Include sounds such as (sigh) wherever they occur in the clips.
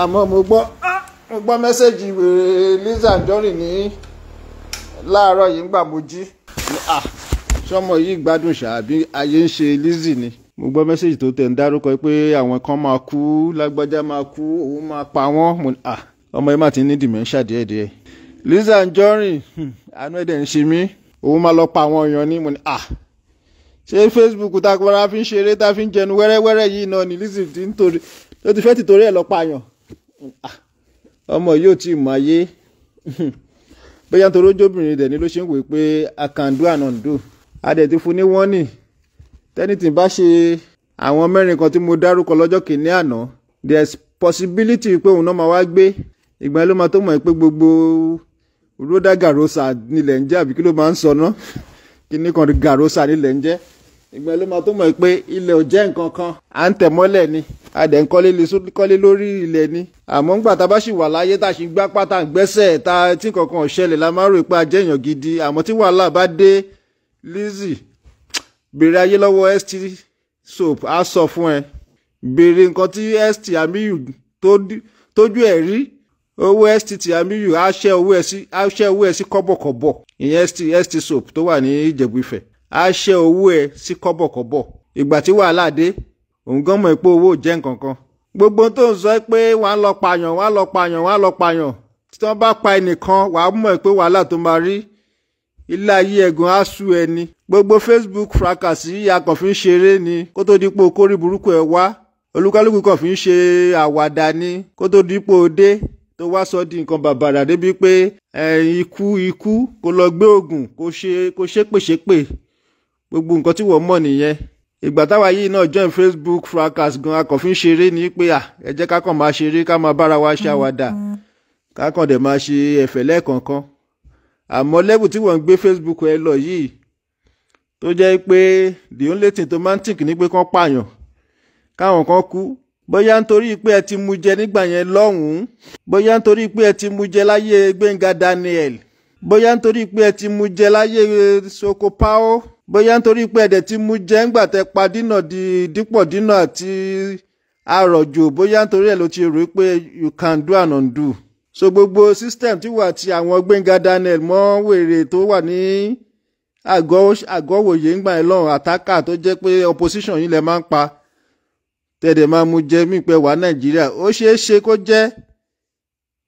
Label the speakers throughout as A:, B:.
A: àmọ́ mo gbọ́ mo gbọ́ mẹ́sẹ̀gì wèrè Lizzy Anjorin ní láàárọ̀ yìí ńgbà mo jí sọmọ ah, yìí gbádùn ṣáàbí ayé ń ṣe Lizzy ni mo gbọ́ mẹ́sẹ̀gì tó tẹ̀ ń dárúkọ pé àwọn kan máa kú lágbájá máa kú òun máa pa wọ́n ah, ọmọ yìí má ti ní dementia díẹ̀díẹ̀ Lizzy Anjorin hmm, àánú ẹ̀dẹ̀ ń ṣe mí òun máa lọ pa àwọn èèyàn ní mo ní ah, ṣé Facebook tagbara fi ń ṣeré tá a fi ń jẹnu wẹ́rẹ́wẹ́rẹ́ yìí náà ni Lizzy ti ń torí tó ti fẹ́ ti torí ẹ̀ lọ pààyàn ọmọ yóò ti mọ ayé bóyá nítorí ojóbìnrin dẹ̀ ni ló ṣe ń wòye pé i can do and undo adẹ̀ ti fún ní wọ́nì tẹ́nìtì bá ṣe àwọn mẹ́rin kan tí mo dárúkọ lọ́jọ́ kìíní àná there is possibility pé òun náà máa wá gbé ìgbà ló máa tó mọ̀ pé gbogbo ródà gàrósà nílẹ̀ ń jẹ́ àbí kí ló máa ń sọ ná kíní kan gàrósà nílẹ̀ ń jẹ́ ìgbà ló máa tó mọ̀ pé ilẹ̀ ò jẹ́ nǹkan kan à ń tẹ̀ mọ́lẹ̀ ni a dẹ̀ ń kọ́lé lórí ilẹ̀ ni àmọ́ ńgbà tá a bá sì wà láyé tá a sì gbá pátá gbẹ́sẹ̀ tá a tí kankan ò ṣẹlẹ̀ la máa ń rò pé a jẹ́ èèyàn gidi àmọ́ tí wàhálà bá dé Lizzy béèrè ayé lọ́wọ́ st soap á sọ fún ẹ béèrè nǹkan tí st Amiyu tójú ẹ̀ rí owó st ti Amiyu á ṣẹ́ owó ẹ̀ sí kọ́bọ̀kọ́bọ̀ ìyẹn st soap tó wà ní Ìjẹ̀bú Ifẹ̀ á ṣe owó ẹ sí kọ́bọ̀kọ́bọ̀ ìgbà tí wàhálà dé òun gan mọ̀ pé owó jẹ́ nǹkan kan gbogbo tó ń sọ pé wàá lọ pààyàn wàá lọ pààyàn wàá lọ pààyàn tí wọ́n bá pa ẹnìkan wàá mọ̀ pé wàhálà tó máa rí ilé ayé ẹ̀gàn á sú ẹni gbogbo Facebook fracasi akọ̀ fi ń ṣeré ni kó tó dípò kórí burúkú ẹ̀ wá olúkálùkù kan fi ń ṣe àwàdà ni kó tó dípò dé tó wá sọ di nǹkan bàbàrà débi pé ikú ikú kó lọ gbé oògùn kó ṣe kó ṣépèṣépè gbogbo nǹkan tí wọ́n mọ̀ nìyẹn ìgbà táwa yìí náà join Facebook fracas gan akọ̀fin ṣeré ni pé à ẹ jẹ́ ká kàn máa ṣeré ká máa bára wa ṣàwàdà ká dẹ̀ máa ṣe ẹ̀fẹ̀ lẹ́ẹ̀kọ̀ọ̀kan àmọ́ lẹ́bù tí wọ́n ń gbé Facebook ẹ lọ yìí tó jẹ́ pé the only thing tó máa ń tìkì ní pé kán pààyàn káwọn kan kú bóyá nítorí pé ẹ ti mu jẹ nígbà yẹn lọ́hùn-ún bóyá nítorí pé ẹ ti mu jẹ láyé Gbẹ́ngà Daniel bóyá nítorí pé ẹ ti mu jẹ láyé Sokopao bóyá nítorí pé ẹ̀dẹ̀ ti mú jẹ́ ńgbà tẹ pa dínà di dípọ̀ dínà àti àrọ̀jò bóyá nítorí ẹ̀ ló ti rò pé you can do and undo. so gbogbo system ti wà ti àwọn Gbẹ́ngà Daniel mọ́ wèrè tó wà ní àgọ́wòye ńgbà ẹ̀ lọ́hùn àtàkà tó jẹ́ pé opposition yìí lẹ máa ń pa tẹ̀dẹ̀ máa mú jẹ mípẹ́ wà Nàìjíríà ó ṣeé ṣe kó jẹ́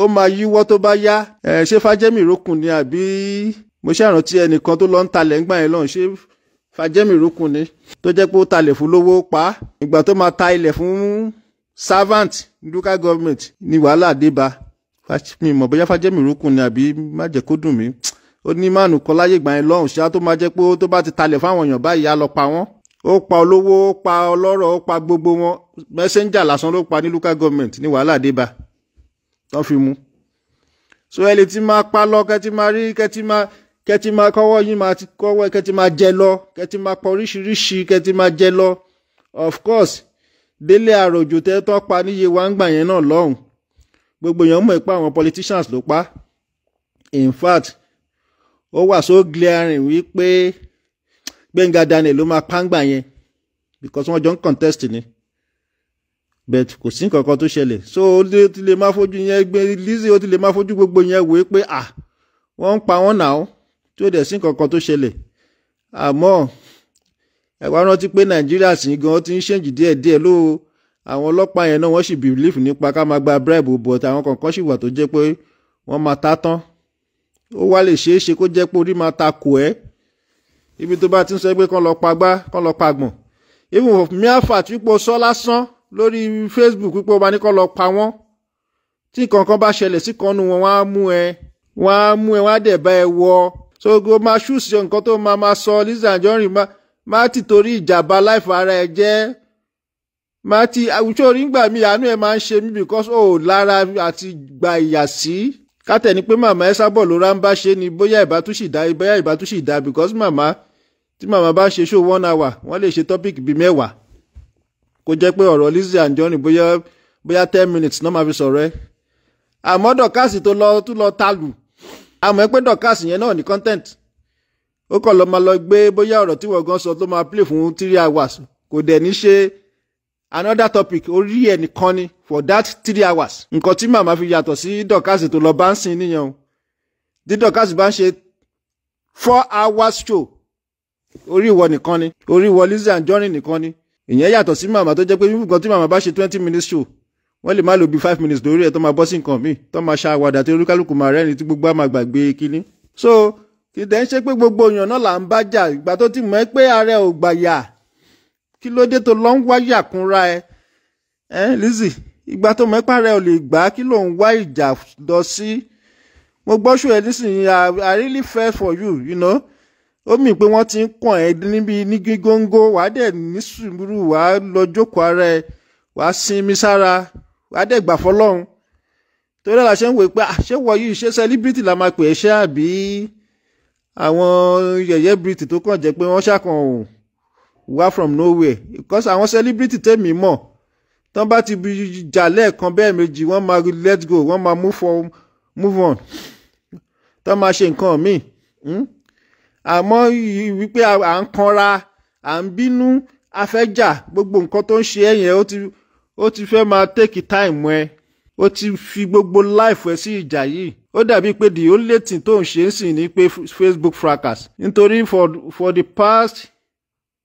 A: ó máa yíwọ́ tó bá yá ẹ̀ ṣé Fájẹ́mi rókun ni àbí mo ṣàrántí ẹnìkan tó lọ ń talẹ̀ ńgbà yẹn lọ́hùn ṣé fàjẹ́mì rúkun ni tó jẹ́ pé ó talẹ̀ fún lówó pa ìgbà tó máa ta ilẹ̀ fún servant local government ni wàhálà dé bá mi mọ̀ bóyá fàjẹ́mì rúkun ni àbí má jẹ́ kó dùn mí ó ní mánu kan láyé ìgbà yẹn lọ́hùn ṣá tó máa jẹ́ pé tó bá ti talẹ̀ fáwọn èèyàn báyìí á lọ pa wọ́n ó pa olówó ó pa ọlọ́rọ̀ ó pa gbogbo wọn messenger lásán ló pa ní local government ni wàhálà dé bá tán fi mú so ẹ lè ti máa pa lọ kẹ́ ti máa rí kẹ́ ti máa kẹ́tí máa kọ́wọ́ yín máa ti kọ́wọ́ kẹ́tí máa jẹ lọ kẹ́tí máa pa oríṣiríṣi kẹ́tí máa jẹ lọ of course délé àròjò tẹ́ tọ́ pa níye wá ń gbà yẹn náà lọ́hùn gbogbo èèyàn mọ̀ pé àwọn politicians ló pa in fact ó wà so glaring wípé Gbẹ́ngà Daniel ló máa pàǹgbà yẹn because wọ́n jọ ń contest ni but kò sí nǹkan kan tó ṣẹlẹ̀ so ó ti lè máa fojú yẹn gbé Lizzy ó ti lè máa fojú gbogbo yẹn wò pé ah wọ́n ń pa wọ́n náà tí ó dẹ̀ sí nǹkan kan tó ṣẹlẹ̀ àmọ́ ẹ wá rántí pé nàìjíríà sì gan ti ń ṣèǹjì díẹ̀díẹ̀ ló àwọn ọlọ́pàá yẹn náà wọ́n sì bìlífù nípa ká máa gba bribe but àwọn kọ̀ọ̀kan sì wà tó jẹ́ pé wọ́n máa ta tán ó wá lè ṣeé ṣe kó jẹ́ pé orí máa ta kò ẹ́ ibi tó bá ti ń sọ pé kán lọ pagbá kán lọ pagbọ̀n even of miafa tí pò sọ lásán lórí Facebook pípọ̀ bá ní kán lọ pa wọ́n tí nǹkan kan bá ṣẹlẹ̀ sí kan nu wọn wọ́n á mú ẹ wọ́n á mú ẹ wọ́n á dẹ̀ bá ẹ wọ so go máa ṣùṣe nǹkan tó máa máa sọ Lizzy Anjorin má ti torí ìjàmbá láìfọ ara ẹ jẹ́ má ti àwùjọ orígbà mi àánú ẹ máa ń ṣe mí because ó oh, lára àti gba ìyà sí kátẹ̀ni pé màmá ẹ sábọ̀ ló ráńbá ṣe ni bóyá ìbátúṣì dá bóyá ìbátúṣì dá because màmá tí màmá bá ṣe show one hour wọ́n lè ṣe topic bíi mẹ́wàá kó jẹ́ pé ọ̀rọ̀ Lizzy Anjorin bóyá bóyá ten minutes náà máa fi sọ̀rọ̀ ẹ àmọ́ dọ̀kásì tó lọ tó lọ talù àmọ́ pé Dorkas yẹn náà ní content ó kàn lọ́ máa lọ gbé bóyá ọ̀rọ̀ tí wọ́n gan sọ tó máa play fún three hours kò dẹ̀ ní ṣe another topic orí ẹ̀ nìkan ni for that three hours nǹkan tí màmá fi yàtọ̀ sí Dorkas tó lọ bá ń sin nìyẹn o tí Dorkas bá ń ṣe four hours show orí ìwọ nìkan ni orí ìwọ Lizzy Anjorin nìkan ni ìyẹn yàtọ̀ sí màmá tó jẹ́ pé nǹkan tí màmá bá ṣe twenty minutes show wọ́n lè má lo bí five minutes lórí ẹ̀ tó máa bọ́ sí nǹkan míì tó máa ṣàwàdà tí olúkálùkù máa rẹ́ni tí gbogbo á máa gbàgbé kínní. so kì í tẹ́ ń ṣe pé gbogbo èèyàn náà là ń bá jà ìgbà tó ti mọ̀ ẹ́ pé ààrẹ ò gbàyà kí ló dé tó lọ ń wá yàkúnra ẹ ẹ Lizzy ìgbà tó mọ̀ ẹ́ pé ààrẹ ò lè gbà kí ló ń wá ìjà lọ sí. mo gbọ́ ṣù ẹ nísìnyí I really fell for you you know ó mì pé wọ́n ti ń kàn ẹ́ níbi ní gígóńgó wàá dẹ̀ ní sùúrù wàá lọ jókòó ara ẹ wàá sinmi sára wàá dẹ̀ gbà fọlọ́run torí àlà ṣe ń wò pé ah, ṣé wọ yìí ṣé celebrity la máa pè é ṣé àbí àwọn yẹ̀yẹ́ briti tó kàn jẹ́ pé wọ́n ṣàkàn ò wá from nowhere because àwọn celebrity tèmi mọ̀ tán bá ti jà lẹ́ẹ̀kan bẹ́ẹ̀ méjì wọ́n máa let go wọ́n máa move on tán máa ṣe nǹkan míì hmm? àmọ́ wípé à ń kanra à ń bínú afẹ́jà gbogbo nǹkan tó ń ṣe ẹ̀yẹn ó ti ó ti fẹ́ máa take time ẹ ó ti fi gbogbo life ẹ sí ìjà yìí ó dàbí pé the only thing tó ń ṣe ń sìn ni pé Facebook fracas nítorí for, for the past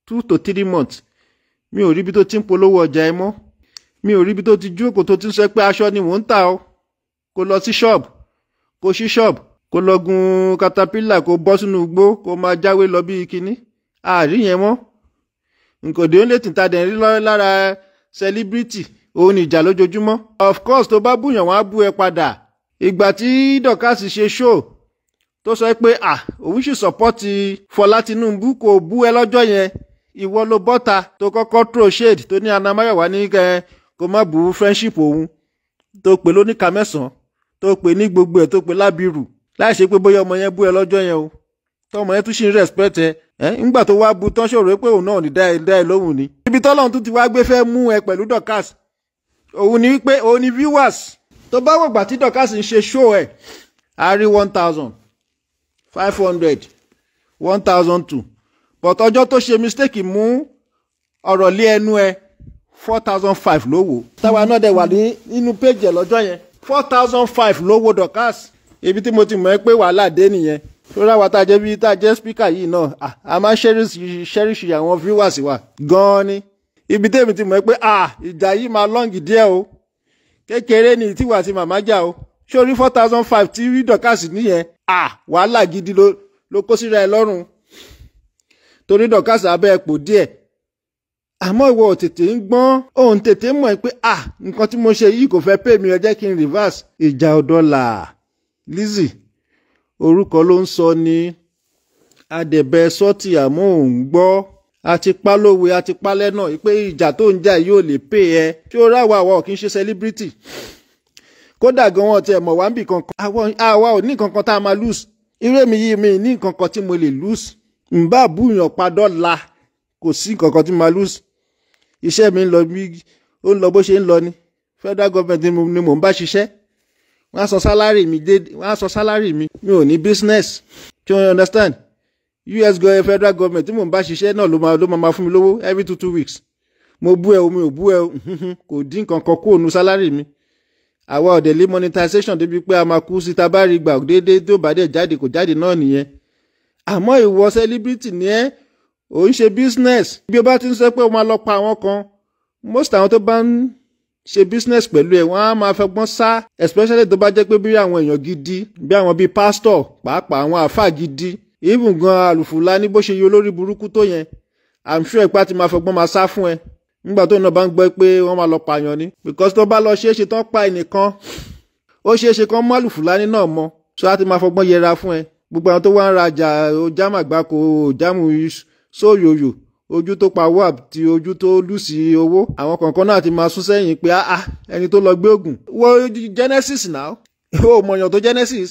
A: two to three months mi ò ríbi tó ti ń polówó ọjà ẹ mọ́ mi ò ríbi tó ti jókòó tó ti ń sọ pé aṣọ ni mò ń tà ó kó lọ sí ṣọ́ọ̀bù kó ṣí ṣọ́ọ̀bù kó lọ gun katapila kó bọ́ sínú igbó kó máa jáwé lọ bí kinní àárín yẹn mọ́ nǹkan dé ó lè tìta dẹ̀ ń rí lára celebrity òun ni ìjà lójoojúmọ́. of course tó bá búyàn wọn á bú ẹ padà ìgbà tí Dorkas ṣe show tó sọ pé ah òun sì sọpọ́tì Fọlá Tinubu kò bú ẹ lọ́jọ́ yẹn ìwọ ló bọ́ta tó kọ́kọ́ throw shade tó ní anamáyọ̀wá ní kẹ́ kó má bú friendship òun tó pè lóníka mẹ́sàn-án tó pè ní gbogbo ẹ̀ tó pè lábìrù láì ṣe pé bóyá ọmọ yẹn bú ẹ lọ́jọ́ yẹn o tọmọ yẹn tún ṣì ń respect ẹ ẹ ńgbà tó wá bu tán ṣòro pé òun náà ní dá lóhùn ni ibi tọ́lọ́run tún ti wá gbé fẹ́ mú ẹ pẹ̀lú Dorkas òun ni wípé òun ni viewers tó bá wọ̀gbà tí Dorkas ń ṣe show ẹ̀ a rí one thousand five hundred one thousand two but ọjọ́ tó ṣe mistake mú ọ̀rọ̀ lé ẹnu ẹ four thousand five ló wò. táwa náà dẹ̀ wà nínú péjì ẹ̀ lọ́jọ́ yẹn four thousand five ló wò Dorkas ibi tí mo ti mọ̀ ẹ́ pé wàhálà dé nìyẹn lórí àwa tá a jẹ́ bí tá a jẹ́ spíkà yìí náà a máa ṣẹ́ríṣì àwọn viewers wa gan-an ni ibi tèmi ti mọ̀ pé ìjà yìí máa lọ́ǹgì díẹ̀ o kékeré ni ìtìwà àti màmá jà o sórí four thousand five tí dọ̀kásì nìyẹn wàhálà gidi ló kó síra ẹ lọ́rùn torí dọ̀kásì abẹ́ ẹ̀pò díẹ̀ àmọ́ ìwọ ò tètè ń gbọ́n òun tètè mọ̀ pé nǹkan tí mo ṣe yìí kò fẹ́ pè mí ẹ jẹ́ kí n reverse ìjà ọ̀dọ́là Lizzie orúkọ ló ń sọ ni adẹ̀bẹ sọ́ọ̀tì àmọ́ òun gbọ́ àtipá lówe àtipá lẹ́nà pé ìjà tó ń jà yìí lè pè ẹ́ tí ó ráwa àwa ò kì í ṣe celebrity kódà gan wọn tiẹ̀ mọ̀ wá ń bì kankan àwa ò ní kankan tá a máa lose irú èmi yìí mi ní kankan tí mo lè lose ǹbá búyàn padọ́la kò sí kankan tí máa lose iṣẹ́ mi ń lọ bí ó ń lọ bó ṣe ń lọ ni federal government ni mo ń bá ṣiṣẹ́ wọ́n á sọ sálárì mi déédéé wọ́n á sọ sálárì mi mi ò ní business kí wọ́n understand US federal government tí mò ń bá ṣiṣẹ́ náà ló máa ló máa fún mi lówó every two two weeks mo bú ẹ o mi ò bú ẹ o kò dín kankan kú òun sálárì mi àwa ọ̀dẹ̀ lé monetization débi pé a máa kú síta bá rí gbà déédéé tó bá dẹ̀ jáde kò jáde náà nìyẹn àmọ́ ìwọ celebrity ni ẹ́ ò ń ṣe business bí o bá ti ń sọ pé o máa lọ pa àwọn kan most àwọn tó bá ń ṣe business pẹ̀lú ẹ̀ wọ́n á máa fẹgbọ́n sá especially tó bá jẹ́ pé bí àwọn èèyàn gidi bí àwọn bíi pásítọ̀ pàápàá àwọn àáfàá gidi even gan àlùfùlà ní bó ṣe yí olórí burúkú tó yẹn i'm sure ipá ti máa fẹgbọ́n máa sá fún ẹ nígbà tó náà bá ń gbọ́ pé wọ́n máa lọ pààyàn ni because tó bá lọ ṣeé ṣe tán pa ẹnìkan ó ṣeé ṣe kán mọ́ àlùfùlà ní náà mọ́ so á ti máa fọgbọ́n yẹra fún ẹ gbogbo àwọn tó wá ń rajà ó jámàgbáko ó jámù sóyòyò ojú tó pa wab ti ojú tó lùsì owó àwọn kọ̀ọ̀kan náà ti máa sún sẹ́yìn pé ah ah ẹni tó lọ gbé oògùn wọ Genesis náà ó (laughs) mọ̀yàn tó Genesis